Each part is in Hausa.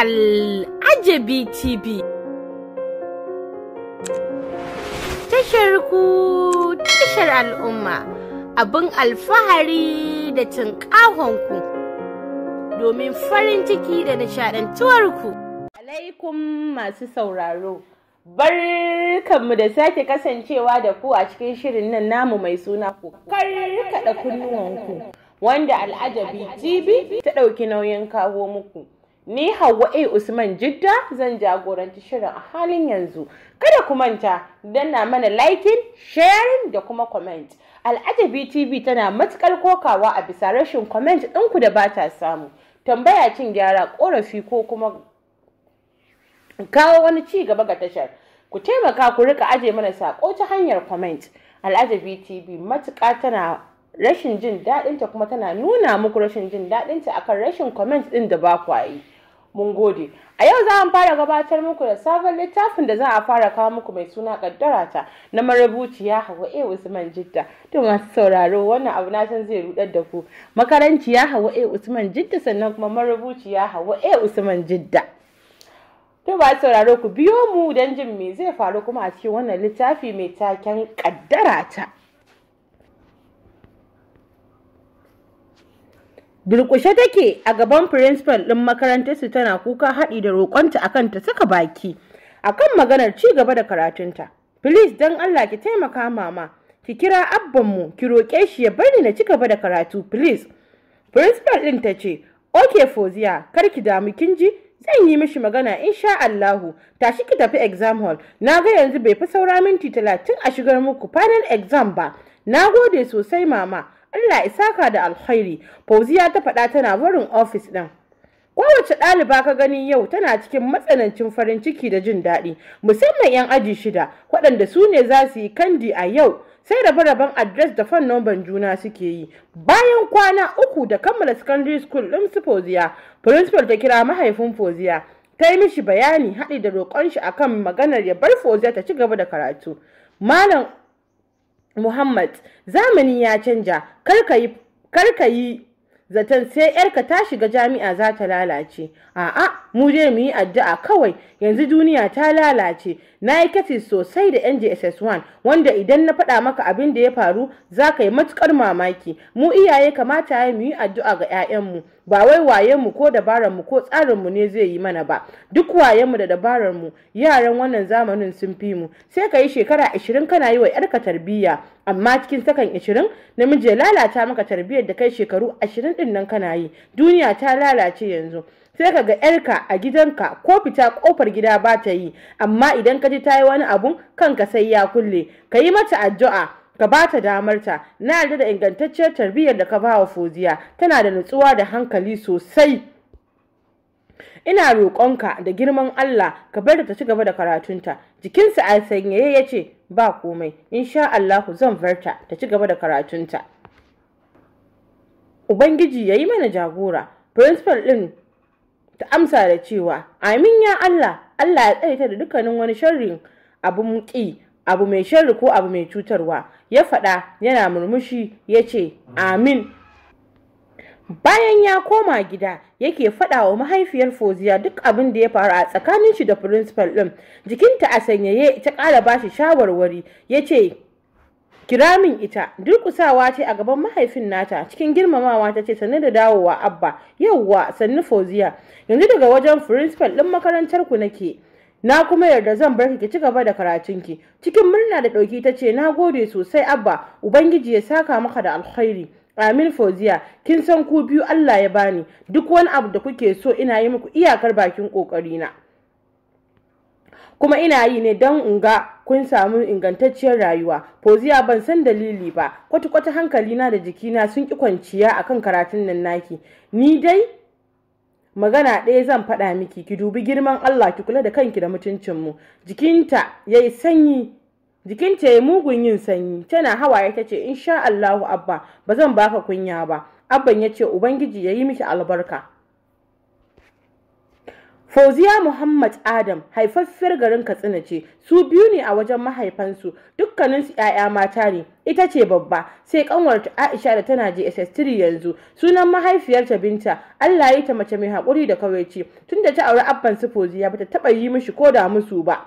Al'ajabi TV. Tashar ku tashar al'umma abin alfahari da ku domin farin ciki da nishadantuwarku. Alaikum masu sauraro. Barkanmu da sake kasancewa da ku a cikin shirin nan namu mai suna ku karkaɗa kunnuwanku wanda al'ajabi TV ta ɗauki nauyin kawo muku. Ni Hauwa A Usman Jidda zan jagoranci shirin a halin yanzu. Kada ku manta danna mana liking, sharing da kuma comment. Al'ajabi TV tana matukar kokawa a bisa rashin comment ɗinku da ba ta samu. Tambaya cin gyara ƙorafi ko kuma kawo wani ci gaba ga tashar. Ku taimaka ku rika aje mana saƙo ta hanyar comment. Al'ajabi TV matuƙa tana rashin jin daɗinta kuma tana nuna muku rashin jin daɗinta akan rashin comment ɗin da ba ku yi. Mun gode. A yau za mu fara gabatar muku da sabon littafin da za a fara kawo muku mai suna kaddara ta na marubuciya Hawa A Usman Jidda. To masu sauraro wannan abu na san zai rudar da ku. Makaranciya Hawa A Usman Jidda sannan kuma marubuciya Hawa A Usman Jidda. To ba sauraro ku biyo mu don jin me zai faru kuma a cikin wannan littafi mai taken kaddara ta. durƙushe take a gaban firinsifal ɗin makarantarsu tana kuka haɗi da roƙonta akan ta saka baki akan maganar ci gaba da karatunta please don allah ki taimaka mama ki kira abbanmu ki roƙe shi ya bari na ci gaba da karatu please principal ɗin ta ce ok foziya kar ki damu kin ji zan yi mishi magana insha allahu tashi ki tafi exam hall na ga yanzu bai fi saura minti talatin a shigar muku final exam ba na gode sosai mama Allah isaka da alkhairi fauziya ta faɗa tana barin ofis ɗin kowace ɗaliba ka gani yau tana cikin matsanancin farin ciki da jin daɗi musamman 'yan aji shida waɗanda su ne za su yi kandi a yau sai rabe-raben adres da fan nomban juna suke yi bayan kwana uku da kammala secondary school ɗin su foziya, principal ta kira mahaifin foziya. ta yi mishi bayani haɗi da roƙon shi akan maganar ya bar foziya ta ci gaba da karatu malam Muhammad zamani ya canja kar ka yi zaton sai yarka ta shiga jami'a za ta lalace a'a mu je mu yi addu'a kawai yanzu duniya ta lalace na yi kesis sosai da njss 1 wanda idan na faɗa maka abin da ya faru za ka yi matukar mamaki mu iyaye kamata ya yi addu'a ga 'ya'yanmu ba wai wayenmu ko dabararmu ko tsarinmu ne zai yi mana ba duk wayenmu da dabararmu yaran wannan zamanin sun fi mu sai ka yi shekara 20 kana yi wa 'yarka tarbiyya amma cikin sakan 20 namiji ya lalata maka tarbiyyar da kai shekaru 20 din nan kana yi duniya ta lalace yanzu sai ka ga yarka a gidanka ko fita kofar gida ba ta yi amma idan ka ji ta yi wani abun kanka sai ya kulle ka yi mata addu'a ka ba ta damarta na yarda da ingantacciyar tarbiyyar da ka ba wa foziya tana da nutsuwa da hankali sosai ina roƙonka da girman Allah ka bar ta ci gaba da karatunta jikinsa a sanyaye ya ce ba komai insha Allahu zan barta ta ci gaba da karatunta ubangiji ya yi mana jagora principal ɗin ta amsa da cewa amin ya Allah Allah ya tsaita da dukkanin wani sharrin abu abu mai sharri ko abu mai cutarwa ya faɗa yana murmushi ya ce amin bayan ya koma gida yake faɗa wa mahaifiyar foziya duk abin da ya faru a tsakanin shi da principal ɗin jikinta a sanyaye ta ƙara bashi shawarwari ya ce kira min ita durkusawa ce a gaban mahaifin nata cikin girmamawa ta ce sannu da dawowa abba yauwa sannu Foziya. yanzu daga wajen firinsifal ɗin makarantar ku nake na kuma yarda zan bar ki ci gaba da ki cikin murna da ɗauki ta ce na gode sosai abba ubangiji ya saka maka da alkhairi Amin Foziya. kin san ku biyu Allah ya bani, duk wani abu da kuke so ina yi muku iyakar bakin ƙoƙarina. Kuma ina yi ne don in ga kun samu ingantacciyar rayuwa Foziya ban san dalili ba kwata-kwata hankalina da jikina sun ki kwanciya a kan karatun nan naki ni dai magana ɗaya zan faɗa miki ki dubi girman Allah ki kula da kanki da mutuncinmu jikinta yi sanyi jikinta yi mugun yin sanyi tana hawaye tace insha Allahu abba ba zan baka kunya ba abban ya ce, ubangiji ya yi miki albarka Fauziya Muhammad Adam haifaffiyar garin Katsina ce, su biyu ne a wajen mahaifansu, dukkaninsu 'ya'ya mata ne, ita ce babba, sai kanwarta Aisha da tana JSS3 yanzu, sunan mahaifiyarta Binta, Allah ya yi ta mace mai haƙuri da kawaici, tunda ta auri abban su Fauziya bata taɓa yi mishi ko da musu ba.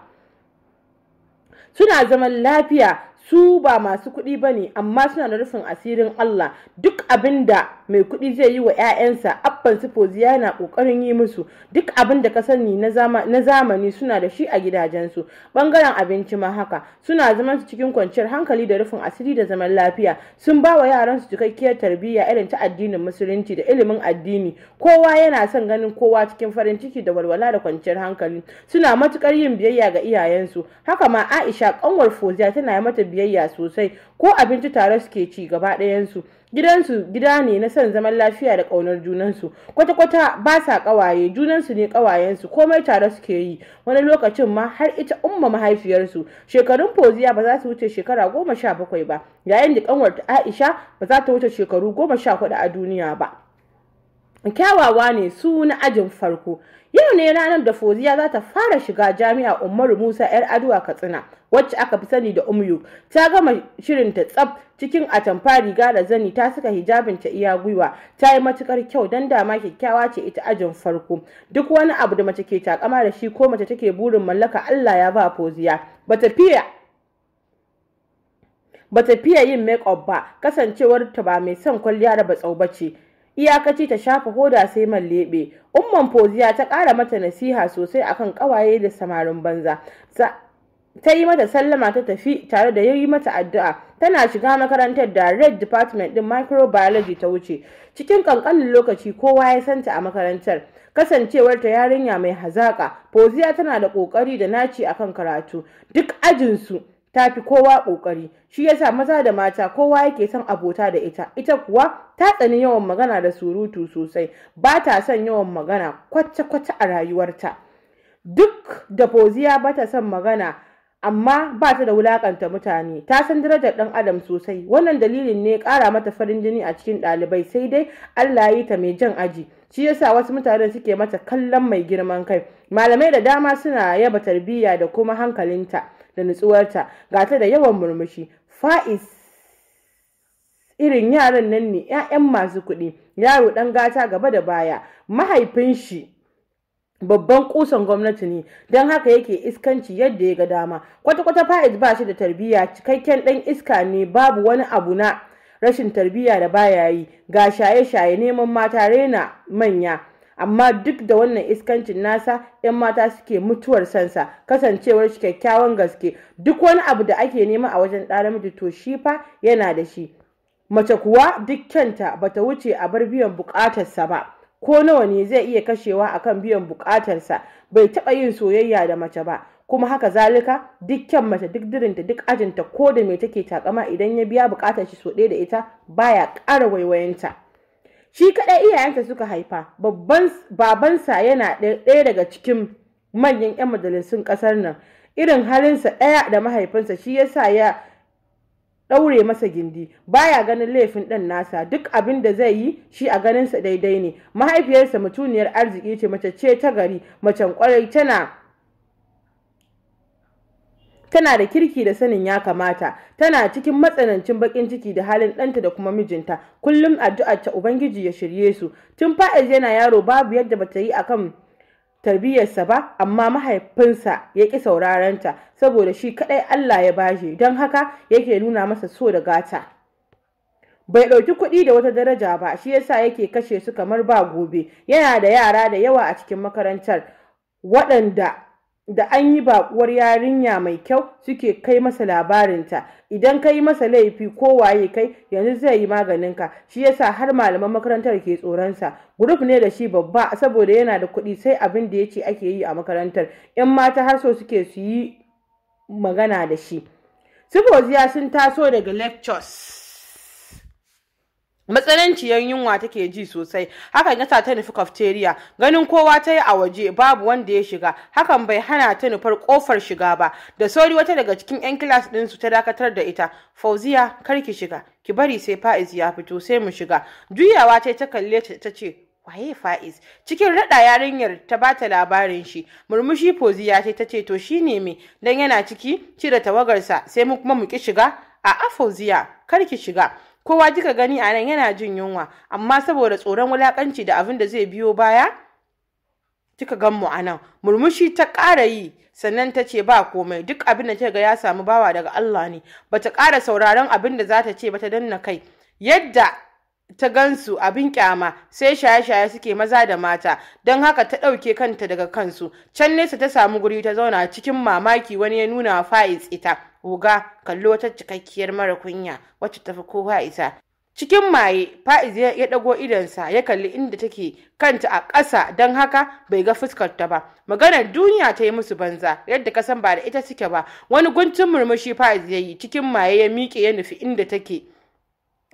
Suna zaman lafiya, su ba masu kuɗi ba ne amma suna da rufin asirin Allah duk abin da mai kuɗi zai yi wa 'ya'yansa abban foziya yana ƙoƙarin yi musu duk abin da ka sani na zamani suna da shi a gidajensu ɓangaren abinci ma haka suna zaman su cikin kwanciyar hankali da rufin asiri da zaman lafiya sun ba wa yaran su cikakkiyar tarbiyya irin ta addinin musulunci da ilimin addini kowa yana son ganin kowa cikin farin ciki da walwala da kwanciyar hankali suna matukar yin biyayya ga iyayensu haka ma Aisha ƙanwar Foziya tana mata biyayya sosai ko abinci tare suke ci gaba ɗayansu gidansu gida ne na son zaman lafiya da ƙaunar junansu kwata-kwata ba sa ƙawaye junansu ne ƙawayensu komai tare suke yi wani lokacin ma har ita umma mahaifiyarsu shekarun Foziya ba za su wuce shekara goma sha bakwai ba yayin da ƙanwarta aisha ba za ta wuce shekaru goma sha hudu a duniya ba kyawawa ne su na ajin farko yau ne ranar da foziya za ta fara shiga jami'a umaru musa yar aduwa katsina wacce aka fi sani da umyu ta gama shirin ta tsab cikin atamfa riga da zani ta saka hijabin ta iya gwiwa ta yi matukar kyau dan dama kyakkyawa ce ita ajin farko duk wani abu da mace ke takama da shi ko mace take burin mallaka allah ya ba foziya. bata fiya bata fiye yin make up ba kasancewar ta ba mai son kwalliya da batsau ba ce iyakaci ta shafa hoda sai man leɓe umman Foziya ta ƙara mata nasiha sosai akan ƙawaye da samarin banza ta yi mata sallama ta tafi tare da yi mata addu'a tana shiga makarantar da red department din microbiology ta wuce cikin kankanin lokaci kowa ya santa a makarantar kasancewar ta yarinya mai hazaka Foziya tana da kokari da naci akan karatu duk ajinsu ta fi kowa kokari shi yasa maza da mata kowa yake son abota da ita ita kuwa ta tsani yawan magana da surutu sosai ba ta son yawan magana kwace-kwace a rayuwarta duk da foziya ba ta son magana amma ba ta da wulakanta mutane ta san darajar dan adam sosai wannan dalilin ne kara mata farin jini a cikin ɗalibai sai dai Allah yi ta mai jan aji shi yasa wasu mutanen suke mata kallon mai girman kai malamai da dama suna yaba tarbiyya da kuma hankalinta da nutsuwarta ga ta da yawan murmushi fa'is irin yaran nan ne 'ya'yan masu kuɗi yaro ɗan gata gaba da baya mahaifin shi babban kusan gwamnati ne don haka yake iskanci yadda ya ga dama kwata-kwata fa'id ba shi da tarbiyya cikakken ɗan iska ne babu wani abu na rashin tarbiyya da baya yi ga shaye-shaye neman mata rena manya amma duk da wannan iskancin nasa 'yan mata suke mutuwar sansa kasancewar shi kyakkyawan gaske duk wani abu da ake nema a wajen ɗa namiji to shi fa yana da shi mace kuwa duk kyanta bata wuce a bar biyan bukatarsa ba ko nawa ne zai iya kashewa akan biyan bukatarsa bai taɓa yin soyayya da mace ba kuma haka zalika duk mace duk dirinta duk ajinta ko da me take takama idan ya biya bukatar shi so ɗaya da ita baya ƙara waiwayenta shi kaɗai iyayenta suka haifa babban babansa yana ɗaya daga cikin manyan 'yan majalisun ƙasar nan irin halinsa ɗaya da mahaifinsa shi yasa ya ɗaure masa gindi baya ganin laifin ɗan nasa duk abin da zai yi shi a ganinsa daidai ne mahaifiyarsa mutuniyar arziki ce mace ce ta gari mace kwarai tana tana da kirki da sanin ya kamata tana cikin matsanancin baƙin ciki da halin ɗanta da kuma mijinta kullum addu'ar ta ubangiji ya shirye su tun fa'iz yana yaro babu yadda bata yi akan tarbiyyarsa ba amma mahaifinsa ya ƙi sauraranta, saboda shi kaɗai Allah ya bashi don haka yake nuna masa so da gata bai ɗauki kuɗi da wata daraja ba shi yasa yake kashe su kamar ba gobe yana da yara da yawa a cikin makarantar waɗanda da an yi baƙuwar yarinya mai kyau suke kai masa labarinta idan ka yi masa laifi ko waye kai yanzu zai yi maganinka shi yasa har malaman makarantar ke tsoronsa gurup ne da shi babba saboda yana da kuɗi sai abin da ya ce ake yi a makarantar yan mata har so suke su yi magana da shi Sifoziya sun taso daga lectures matsananciyar yunwa take ji sosai hakan ya sa ta nufi kafteriya ganin kowa ta yi a waje babu wanda ya shiga hakan bai hana ta nufar kofar shiga ba da sauri wata daga cikin yan kilas ɗinsu ta dakatar da ita fauziya kar ki shiga ki bari sai fa'iz ya fito sai mu shiga juyawa ta ta kalle ta ce waye fa'iz cikin raɗa yarinyar ta bata labarin shi murmushi fauziya ce ta ce to shine me dan yana ciki cire tawagarsa sai mu kuma mu ki shiga A'a, afauziya kar ki shiga kowa kika gani a nan yana jin yunwa amma saboda tsoron wulakanci da abin da zai biyo baya kika gan mu a nan. murmushi ta ƙara yi sannan ta ce ba komai duk abin da ga ya samu bawa daga Allah ne bata ƙara sauraron abin da za ta ce ba bata danna kai yadda ta gansu abin kyama sai shaye-shaye suke maza da mata don haka ta ɗauke kanta daga kansu can nesa ta samu guri ta zauna cikin mamaki wani ya nuna fa'iz ita wuga kalli wata cikakkiyar mara kunya wacce tafi kowa isa cikin maye fa'iz ya ɗago idonsa ya kalli inda take kanta a ƙasa don haka bai ga fuskarta ba maganar duniya ta yi musu banza yadda kasan ba da ita suke ba wani guntun murmushi fa'iz ya yi cikin maye ya miƙe ya nufi inda take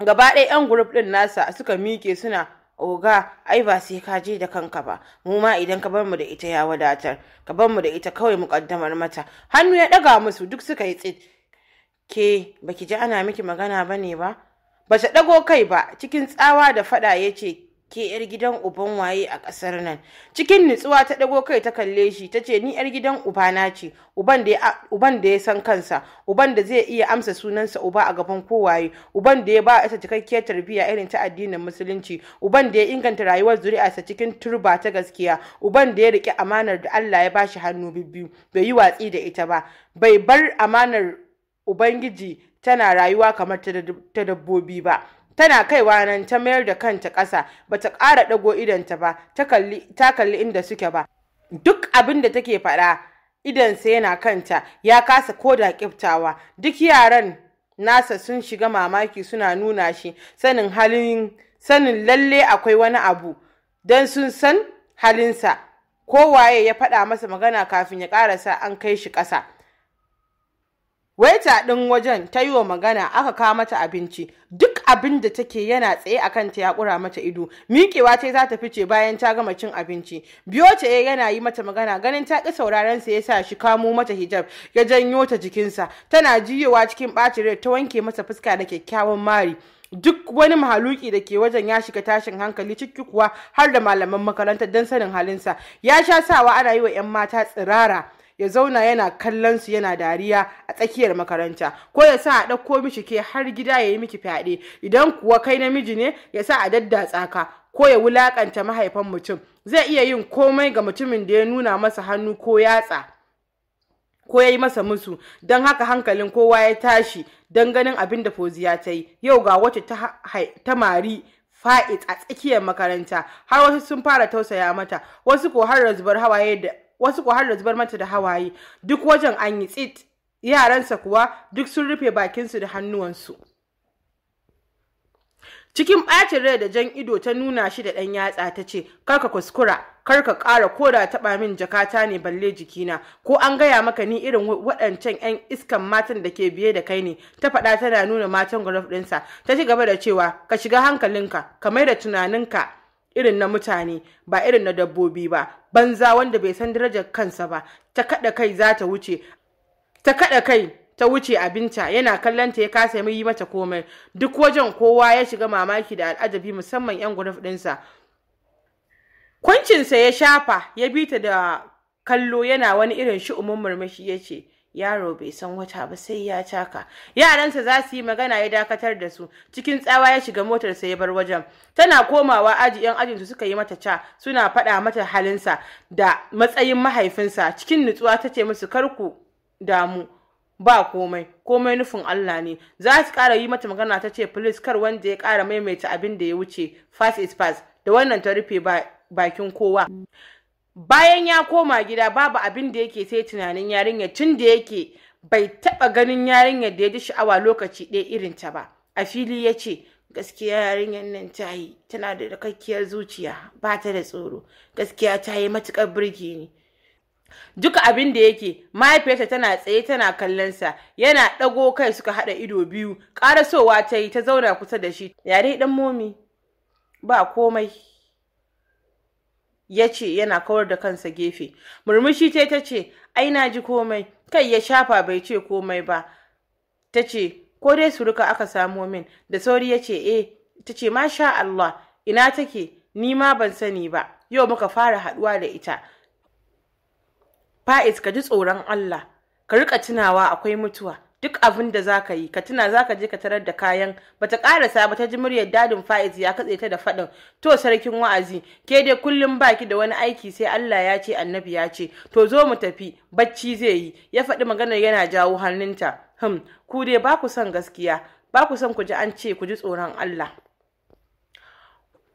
gaba ɗaya 'yan gurup ɗin nasa suka miƙe suna oga ai ba sai ka je da kanka ba mu ma idan ka bar mu da ita ya wadatar ka bar mu da ita kawai mu kaddamar mata hannu ya daga musu duk suka yi tsit ke baki ji ana miki magana bane ba Ba ta dago kai ba cikin tsawa da fada yace ke yar gidan uban waye a ƙasar nan cikin nutsuwa ta ɗago kai ta kalle shi ta ce ni yar gidan ubana ce uban da ya san kansa uban da zai iya amsa sunansa uba a gaban kowaye uban da ya ba ita cikakkiyar tarbiyya irin ta addinin musulunci uban da ya inganta rayuwar zuri'arsa cikin turba ta gaskiya uban da ya riƙe amanar da Allah ya bashi hannu bibbiyu bai yi watsi da ita ba bai bar amanar ubangiji tana rayuwa kamar ta dabbobi ba tana kaiwa nan ta mayar da kanta ƙasa Ba ta ƙara ɗago idonta ba ta kalli inda suke ba duk abin da take faɗa idonsa yana kanta ya kasa ko da ƙiftawa duk yaran nasa sun shiga mamaki suna nuna shi sanin halin sanin lalle akwai wani abu don sun san halinsa kowaye ya faɗa masa magana kafin ya ƙarasa an kai shi ƙasa waita ɗin wajen ta yi wa magana aka kawo mata abinci duk abin da take yana tsaye a kanta ya kura mata ido miƙewa ta za ta fice bayan ta gama cin abinci biyo ta yana yi mata magana ganin ta ƙi sauraron sa yasa shi kamo mata hijab ya janyo ta jikinsa tana jiyowa cikin ɓacin rai ta wanke masa fuska da kyakkyawan mari duk wani mahaluki da ke wajen ya shiga tashin hankali ciki kuwa har da malaman makarantar don sanin halinsa ya sha sawa ana yi wa 'yan mata tsirara ya zauna yana kallon su yana dariya a tsakiyar makaranta ko ya sa a ɗauko mishi ke har gida ya yi miki fyaɗe idan kuwa kai namiji ne ya sa a dadda tsaka. ko ya wulakanta mahaifan mutum zai iya yin komai ga mutumin da ya nuna masa hannu ko yatsa ko ya yi masa musu don haka hankalin kowa ya tashi don ganin abin da foziya ta yi yau ga wacce ta mari fa'id a tsakiyar makaranta har wasu sun fara tausaya mata wasu ko har zubar hawaye da wasu ko har da zubar mata da hawaye duk wajen an yi tsit yaransa kuwa duk sun rufe bakinsu da hannuwansu cikin ɓacin rai da jan ido ta nuna shi da ɗan yatsa ta ce karka kuskura karka ƙara ko da taɓa min jakata ne balle jikina ko an gaya maka ni irin waɗancan 'yan iskan matan da ke biye da kai ne ta faɗa tana nuna matan guruf ɗinsa ta ci gaba da cewa ka shiga hankalinka ka mai da tunaninka irin na mutane ba irin na dabbobi ba banza wanda bai san darajar kansa ba ta kada kai za ta wuce ta kada kai ta wuce abinta yana kallon ta ya kasa mai yi mata komai duk wajen kowa ya shiga mamaki da al'ajabi musamman yan guruf ɗinsa kwancinsa ya shafa ya bi ta da kallo yana wani irin shi'umin murmushi ya ce yaro bai san wata ba sai ya caka yaransa za su yi magana ya dakatar da su cikin tsawa ya shiga motarsa ya bar wajen tana komawa aji yan ajinsu suka yi mata ca suna faɗa mata halinsa da matsayin mahaifinsa cikin nutsuwa ta ce musu karku damu ba komai komai nufin Allah ne za su ƙara yi mata magana ta ce police kar wanda ya ƙara maimaita abin da ya wuce fast is fast da wannan ta rufe bakin kowa bayan ya koma gida babu abin da yake sai tunanin yarinya tun da yake bai taɓa ganin yarinyar da ya ji sha'awa lokaci ɗaya irin ta ba a fili ya ce gaskiya yarinyar nan ta yi tana da rakakkiyar zuciya ba ta da tsoro gaskiya ta yi matuƙar birge ni duka abin da yake mahaifiyarta tana tsaye tana kallon sa yana ɗago kai suka haɗa ido biyu ƙarasowa ta yi ta zauna kusa da shi yare ɗan momi ba komai ya ce yana kawar da kansa gefe murmushi ta ta ce ai ji komai kai ya shafa bai ce komai ba ta ce ko dai suruka aka samo min da sauri ya ce eh ta ce masha Allah ina take ni ma ban sani ba yau muka fara haduwa da ita fa'is ka ji tsoron Allah ka rika tunawa akwai mutuwa duk abin da za ka yi ka tuna za ka je ka tarar da kayan bata karasa ba ta ji muryar dadin fa'iz ya katse ta da faɗin to sarkin wa'azi ke dai kullum baki da wani aiki sai Allah ya ce annabi ya ce to zo mu tafi bacci zai yi ya faɗi maganar yana jawo hannunta hmm ku dai ba ku son gaskiya ba ku son ku ji an ce ku ji tsoron Allah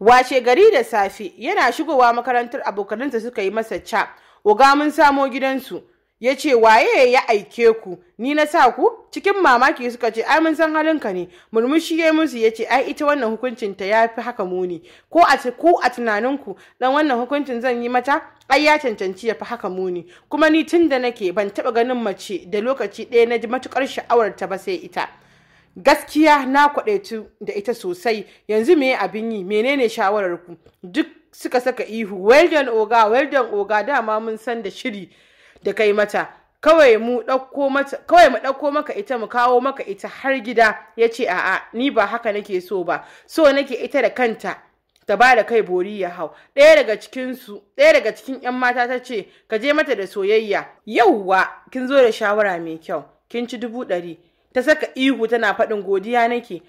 washe gari da safe yana shigowa makarantar abokanansa suka yi masa ca uga mun samo gidansu ya ce waye ya aike ku ni na sa ku cikin mamaki suka ce ai mun san halinka ne murmushi ya musu ya ce ai ita wannan hukuncin ta ya fi haka muni ko a ku a tunanin ku dan wannan hukuncin zan yi mata ai ya cancanci ya fi haka muni kuma ni tun da nake ban taba ganin mace da lokaci ɗaya na ji matukar sha'awar ta ba sai ita gaskiya na kwadaitu da ita sosai yanzu me abin yi menene ku? duk suka saka ihu well done oga well done oga dama mun san da shiri da kai mata kawai mu ɗauko maka ita mu kawo maka ita har gida ya ce a'a ni ba haka nake so ba so nake ita da kanta ta ba da kai bori ya hau ɗaya daga cikin su yan mata ta ce ka je mata da soyayya Yau yauwa kin zo da shawara mai kyau kin ci dubu ɗari ta saka ihu tana faɗin godiya nake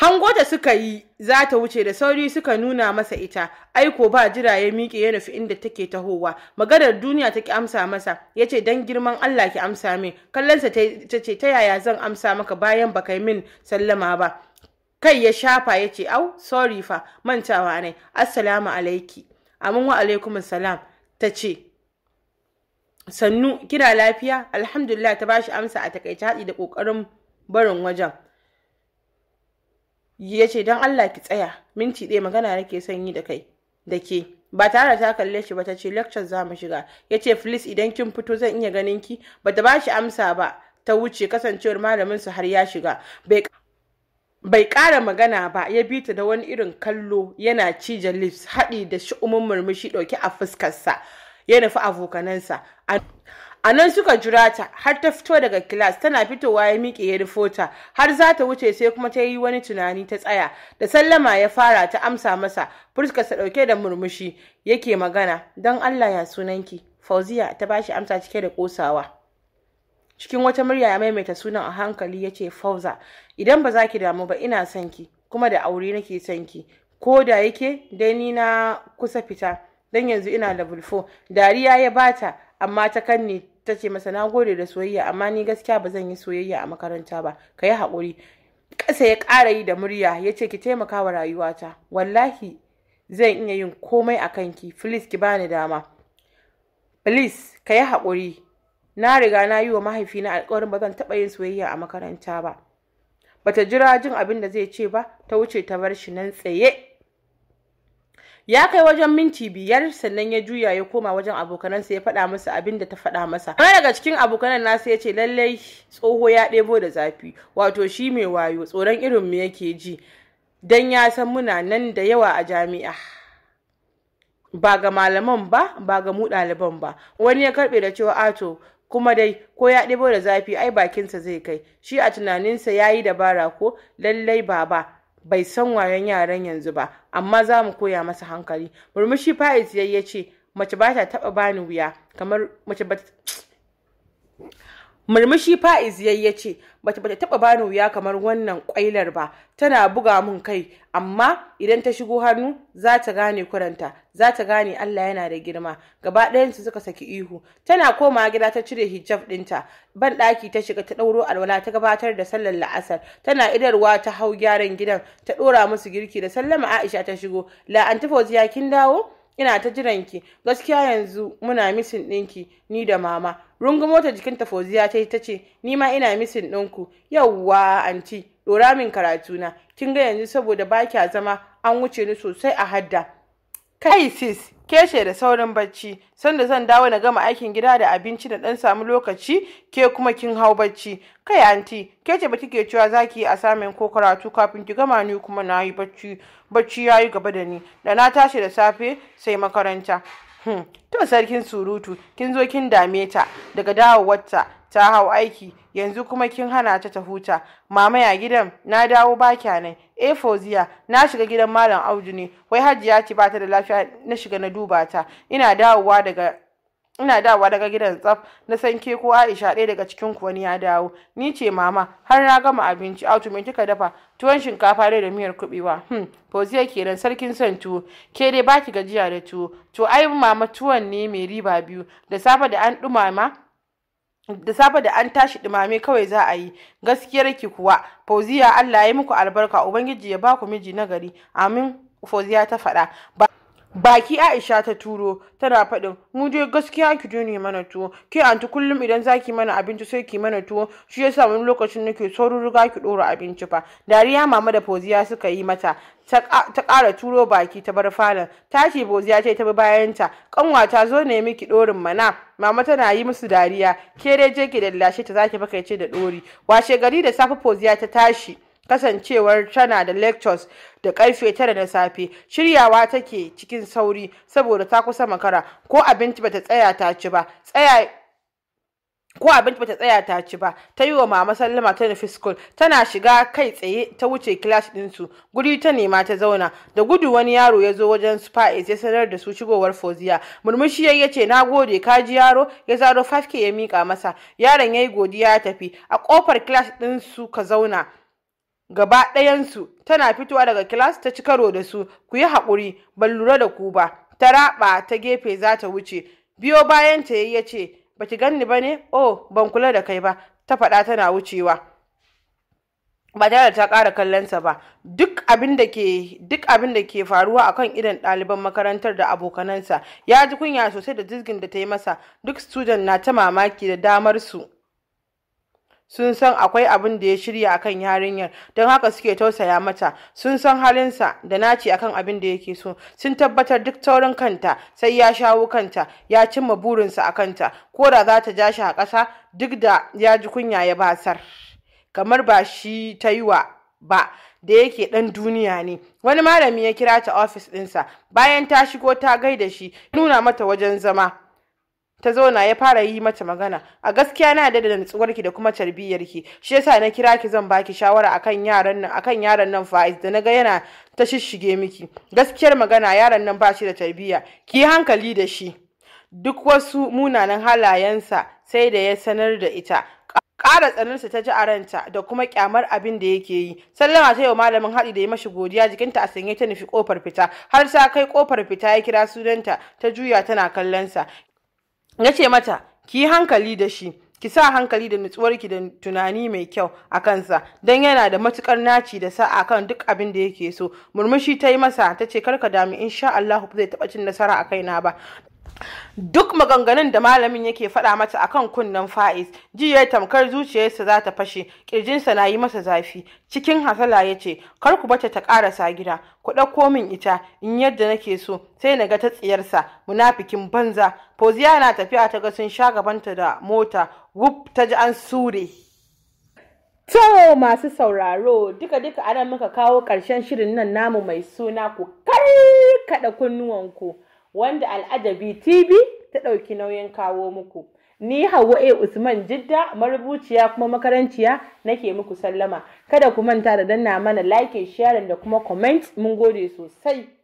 Hango da suka yi za ta wuce da sauri suka nuna masa ita, aiko ba jira ya miƙe ya nufi inda take tahowa. Maganar duniya ta ki amsa masa, ya ce don girman Allah ki amsa min, kallonsa ta ce ta yaya zan amsa maka bayan baka yi min sallama ba. Kai ya shafa ya ce, au, sorry fa, mantawa ne, assalamu alaiki. Amin wa alaikum salam, ta ce, sannu kina lafiya alhamdulillah ta bashi amsa a takaice haɗi da ƙoƙarin barin wajen ya ce don Allah ki tsaya minti ɗaya magana nake son yi da kai da ke ba tare da ta kalle shi ba ta ce lecture za mu shiga ya ce Felix, idan kin fito zan iya ganin ki ba ta ba amsa ba ta wuce kasancewar malamin su har ya shiga bai ƙara magana ba ya bi ta da wani irin kallo yana cije lips haɗi da shi'umin murmushi ɗauke a fuskarsa ya nufi abokanansa a nan suka jira ta har ta fito daga kilas tana fitowa ya miƙe ya rufo ta har za ta wuce sai kuma ta yi wani tunani ta tsaya da sallama ya fara ta amsa masa sa dauke da murmushi yake magana don allah ya sunanki fauziya ta bashi amsa cike da kosawa cikin wata murya ya maimaita sunan a hankali ya ce fauza idan ba za ki damu ba ina son ki kuma da aure nake son ki ko da yake dai ni na kusa fita don yanzu ina level 4 dariya ya bata amma ta kanne ta ce masa na gode da soyayya amma ni gaskiya ba zan yi soyayya a makaranta ba ka yi haƙuri ƙasa ya ƙara yi da murya ya ce ki taimaka wa rayuwata wallahi zan iya yin komai a kanki Filis, ki bani dama Filis. ka yi haƙuri na riga na yi wa mahaifina alƙawarin ba zan taɓa yin soyayya a makaranta ba bata jira jin abin da zai ce ba ta wuce ta bar shi nan tsaye ya kai wajen minti biyar sannan ya juya ya koma wajen abokanansa ya faɗa masa abin da ta faɗa masa wani daga cikin abokanan nasa ya ce lallai tsoho ya ɗebo da zafi wato shi mai wayo tsoron irin mu yake ji dan ya san muna nan da yawa a jami'a ba ga malaman ba ba ga mu ɗaliban ba wani ya karɓe da cewa ato kuma dai ko ya ɗebo da zafi ai bakinsa zai kai shi a tunaninsa ya yi dabara ko lallai baba bai san wayan yaran yanzu ba amma za mu koya masa hankali murmushi faiz ya ce mace ba ta taba bani wuya kamar mace ba murmushi fa'iz ya ce bata bata taba bani wuya kamar wannan kwailar ba tana buga mun kai amma idan ta shigo hannu za ta gane kuranta za ta gane Allah yana da girma gaba ɗayansu suka saki ihu tana koma gida ta cire hijab dinta. ban daki ta shiga ta ɗauro alwala ta gabatar da sallar la'asar tana idarwa ta hau gyaran gidan ta ɗora musu girki da sallama Aisha ta shigo la ya kin dawo ina ta jiranki gaskiya yanzu muna misin ɗinki ni da mama rungumo ta jikinta fauziya ta yi ta ce ni ma ina misin ɗinku yauwa anti ɗora min karatuna kin ga yanzu saboda ba kya zama an wuce ni sosai a hadda kai sis keshe da saurin bacci sanda zan dawo na gama aikin gida da abinci da ɗan samu lokaci ke kuma kin hau bacci kai anti ke ce ba kike cewa ki yi asamin ko karatu kafin ki gama ni kuma na yi bacci bacci yayi gaba da ni da na tashi da safe sai makaranta Hmm. to sarkin surutu kin zo kin dame ta daga dawowarta ta hau aiki yanzu kuma kin hana ta ta huta mama ya gidan na dawo ba nan eh fauziya na shiga gidan malam audu ne wai hajiya ce ba ta da lafiya na shiga na duba ta ina dawowa daga ina dawa daga gidan tsaf na san ke ko Aisha ɗaya daga cikin ku wani ya dawo ni ce mama har na gama abinci auto me kika dafa tuwon shinkafa dai da miyar kubewa hmm fauziya kenan sarkin son tuwo ke dai baki gajiya da tuwo to ai mama tuwon ne mai riba biyu da safe da an dumama da safe da an tashi dumame kawai za a yi gaskiyar ki kuwa fauziya Allah ya yi muku albarka ubangiji ya ba ku miji nagari amin fauziya ta faɗa baki Aisha ta turo tana faɗin mu dai gaskiya ki ne mana tuwo ke anti kullum idan zaki mana abinci sai ki mana tuwo shi yasa wani lokacin nake saurin riga ki ɗora abinci fa dariya mama da Foziya suka yi mata ta ƙara turo baki ta bar falon tashi Foziya ce ta bi bayanta kanwata zo ne miki dorin mana mama tana yi musu dariya ke dai je ki da lashe ta zaki kai ce da dori washe gari da safe Foziya ta tashi kasancewar tana da lectures da karfe tara na safe shiryawa take cikin sauri saboda ta kusa makara ko abinci bata tsaya ta ci ba tsaya ko abinci bata tsaya ta ci ba ta yi wa mama sallama ta nufi school tana shiga kai tsaye ta wuce class ɗinsu guri ta nema ta zauna da gudu wani yaro ya zo wajen su ya sanar da su shigowar foziya murmushi ya ce na gode ka ji yaro ya zaro 5k ya mika masa yaron ya yi godiya ya tafi a kofar class ɗinsu ka zauna gaba ɗayansu tana fitowa daga kilas ta ci karo da su ku yi haƙuri ban lura da ku ba ta raɓa ta gefe za ta wuce biyo bayan ta ya ce ba ki ganni ba ne o oh, ban kula da kai ba ta faɗa tana wucewa ba tare da ta ƙara kallonsa ba duk abin da ke faruwa a kan idon faruwa ɗaliban makarantar da abokanansa ya ji kunya sosai da dizgin da ta yi masa duk student na ta mamaki da damar su sun san akwai abin da ya shirya akan yarinyar don haka suke tausaya mata sun san halinsa da naci akan abin da yake so sun tabbatar duk taurin kanta sai ya shawo kanta ya cimma burinsa a kanta ko da za ta ja shi a ƙasa duk da ya ji kunya ya basar kamar ba shi ta yi wa ba da yake ɗan duniya ne wani malami ya kira ta ofis ɗinsa bayan ta shigo ta gaida shi nuna mata wajen zama ta zauna ya fara yi mata magana a gaskiya na da nutsuwarki da kuma ki shi yasa na kira ki zan baki shawara akan yaran nan akan yaran nan Faiz da naga yana ta shishige miki gaskiyar magana yaran nan ba shi da tarbiyya ki hankali da shi duk wasu munanan halayensa sai da ya sanar da ita ƙara tsanarsa ta ji a ranta da kuma kyamar abin da yake yi sallama ta yau malamin haɗi da ya mashi godiya jikinta a sanye ta nufi ƙofar fita har ta kai ƙofar fita ya kira sunanta ta juya tana kallonsa na ce mata ki hankali da shi ki sa hankali da nutsuwar ki da tunani mai kyau a kansa don yana da matukar naci da sa'a kan duk abin da yake so murmushi ta yi masa ta ce karka dami insha Allah zai taɓa cin nasara a kaina ba duk maganganun da malamin yake faɗa mata akan kunnen fa'is ji ya tamkar zuciyarsa za ta fashe ƙirjinsa na yi masa zafi cikin hasala ya ce kar ku bata ta ƙarasa gida ku ɗauko min ita in yadda nake so sai na ga ta tsiyarsa munafikin banza poziya na tafiya ta ga sun sha gabanta da mota wup ta ji an sure To masu sauraro duka-duka ana muka kawo ƙarshen shirin nan namu mai suna ku karkaɗa kunnuwanku. wanda al'adabi tv ta ɗauki nauyin kawo muku ni hawa a usman jidda marubuciya kuma makaranciya nake muku sallama kada ku manta da danna mana like sharing da kuma comment mun gode sosai